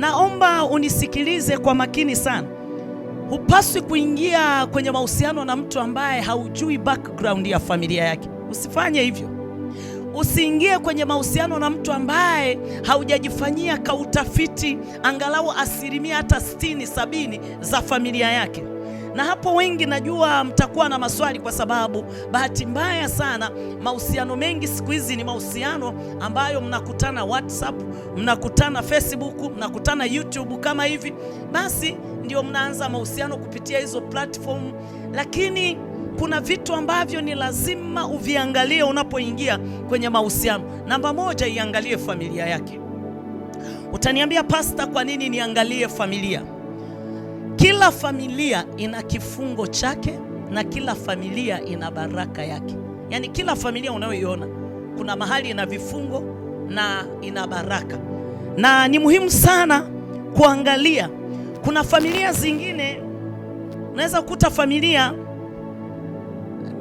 Naomba unisikilize kwa makini sana. Hupaswi kuingia kwenye mahusiano na mtu ambaye haujui background ya familia yake. Usifanye hivyo. Usiingie kwenye mahusiano na mtu ambaye haujajifanyia kautafiti angalau asilimia hata sitini sabini za familia yake. Na hapo wengi najua mtakuwa na maswali, kwa sababu bahati mbaya sana mahusiano mengi siku hizi ni mahusiano ambayo mnakutana WhatsApp, mnakutana Facebook, mnakutana YouTube kama hivi, basi ndio mnaanza mahusiano kupitia hizo platform, lakini kuna vitu ambavyo ni lazima uviangalie unapoingia kwenye mahusiano. Namba moja, iangalie familia yake. Utaniambia pasta, kwa nini niangalie familia? Kila familia ina kifungo chake na kila familia ina baraka yake. Yaani kila familia unayoiona kuna mahali ina vifungo na ina baraka, na ni muhimu sana kuangalia. Kuna familia zingine unaweza kukuta familia,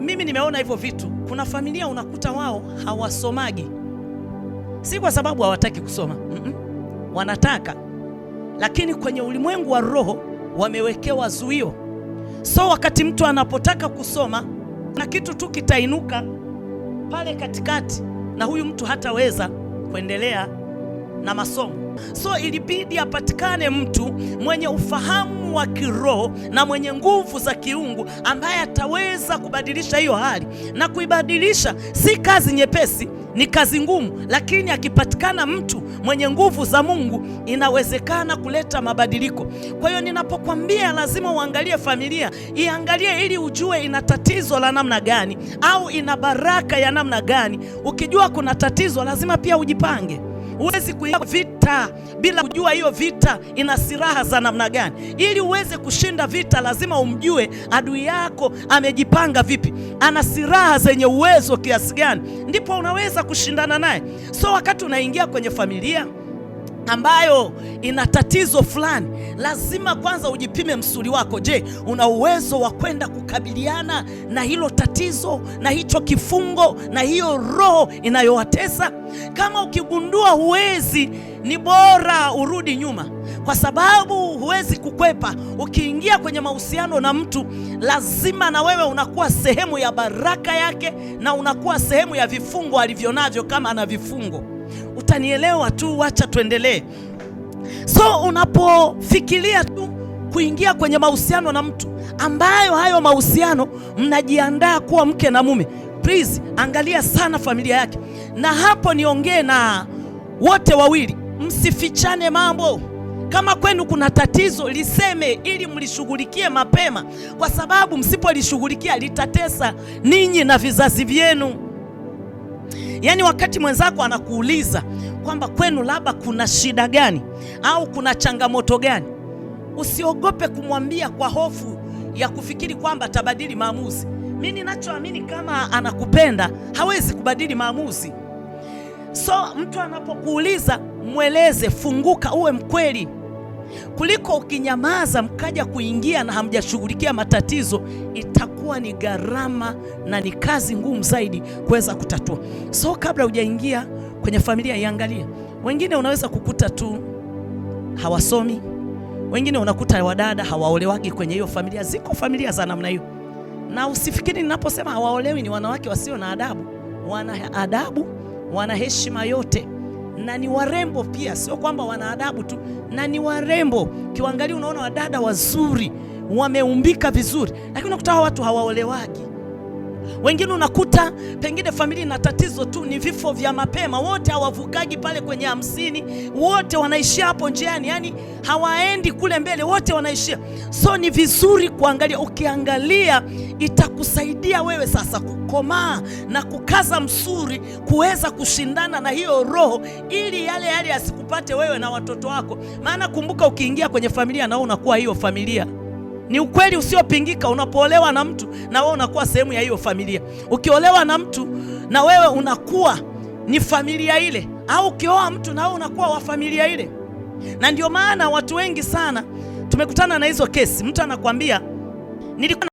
mimi nimeona hivyo vitu. Kuna familia unakuta wao hawasomagi, si kwa sababu hawataki kusoma mm -mm, wanataka, lakini kwenye ulimwengu wa roho wamewekewa zuio. So wakati mtu anapotaka kusoma na kitu tu kitainuka pale katikati, na huyu mtu hataweza kuendelea na masomo. So ilibidi apatikane mtu mwenye ufahamu wa kiroho na mwenye nguvu za kiungu ambaye ataweza kubadilisha hiyo hali, na kuibadilisha si kazi nyepesi, ni kazi ngumu, lakini akipatikana mtu mwenye nguvu za Mungu inawezekana kuleta mabadiliko. Kwa hiyo ninapokwambia lazima uangalie familia, iangalie ili ujue ina tatizo la namna gani au ina baraka ya namna gani. Ukijua kuna tatizo lazima pia ujipange. Huwezi kuingia vita bila kujua hiyo vita ina silaha za namna gani. Ili uweze kushinda vita, lazima umjue adui yako amejipanga vipi, ana silaha zenye uwezo kiasi gani, ndipo unaweza kushindana naye. So wakati unaingia kwenye familia ambayo ina tatizo fulani, lazima kwanza ujipime msuli wako. Je, una uwezo wa kwenda kukabiliana na hilo tatizo na hicho kifungo na hiyo roho inayowatesa? Kama ukigundua huwezi, ni bora urudi nyuma, kwa sababu huwezi kukwepa. Ukiingia kwenye mahusiano na mtu, lazima na wewe unakuwa sehemu ya baraka yake na unakuwa sehemu ya vifungo alivyonavyo, kama ana vifungo utanielewa tu, wacha tuendelee. So unapofikiria tu kuingia kwenye mahusiano na mtu ambayo hayo mahusiano mnajiandaa kuwa mke na mume, please angalia sana familia yake, na hapo niongee na wote wawili, msifichane mambo. Kama kwenu kuna tatizo liseme, ili mlishughulikie mapema, kwa sababu msipolishughulikia litatesa ninyi na vizazi vyenu. Yaani wakati mwenzako anakuuliza kwamba kwenu labda kuna shida gani au kuna changamoto gani, usiogope kumwambia kwa hofu ya kufikiri kwamba atabadili maamuzi. Mimi ninachoamini kama anakupenda hawezi kubadili maamuzi. So mtu anapokuuliza mweleze, funguka, uwe mkweli kuliko ukinyamaza mkaja kuingia na hamjashughulikia matatizo ita inakuwa ni gharama na ni kazi ngumu zaidi kuweza kutatua. So kabla hujaingia kwenye familia, iangalie wengine, unaweza kukuta tu hawasomi, wengine unakuta wadada hawaolewagi kwenye hiyo familia. Ziko familia za namna hiyo, na usifikiri ninaposema hawaolewi ni wanawake wasio na adabu. Wana adabu, wana heshima yote na ni warembo pia, sio kwamba wana adabu tu, na ni warembo. Kiwangalia unaona wadada wazuri wameumbika vizuri, lakini unakuta watu hawaolewagi. Wengine unakuta pengine familia ina tatizo tu, ni vifo vya mapema, wote hawavukaji pale kwenye hamsini, wote wanaishia hapo njiani, yani hawaendi kule mbele, wote wanaishia. So ni vizuri kuangalia, ukiangalia itakusaidia wewe sasa kukomaa na kukaza msuri, kuweza kushindana na hiyo roho, ili yale yale yasikupate wewe na watoto wako. Maana kumbuka, ukiingia kwenye familia na unakuwa hiyo familia. Ni ukweli usiopingika. Unapoolewa na mtu, na wewe unakuwa sehemu ya hiyo familia. Ukiolewa na mtu, na wewe unakuwa ni familia ile, au ukioa mtu, na wewe unakuwa wa familia ile. Na ndio maana watu wengi sana tumekutana na hizo kesi, mtu anakwambia nilikuwa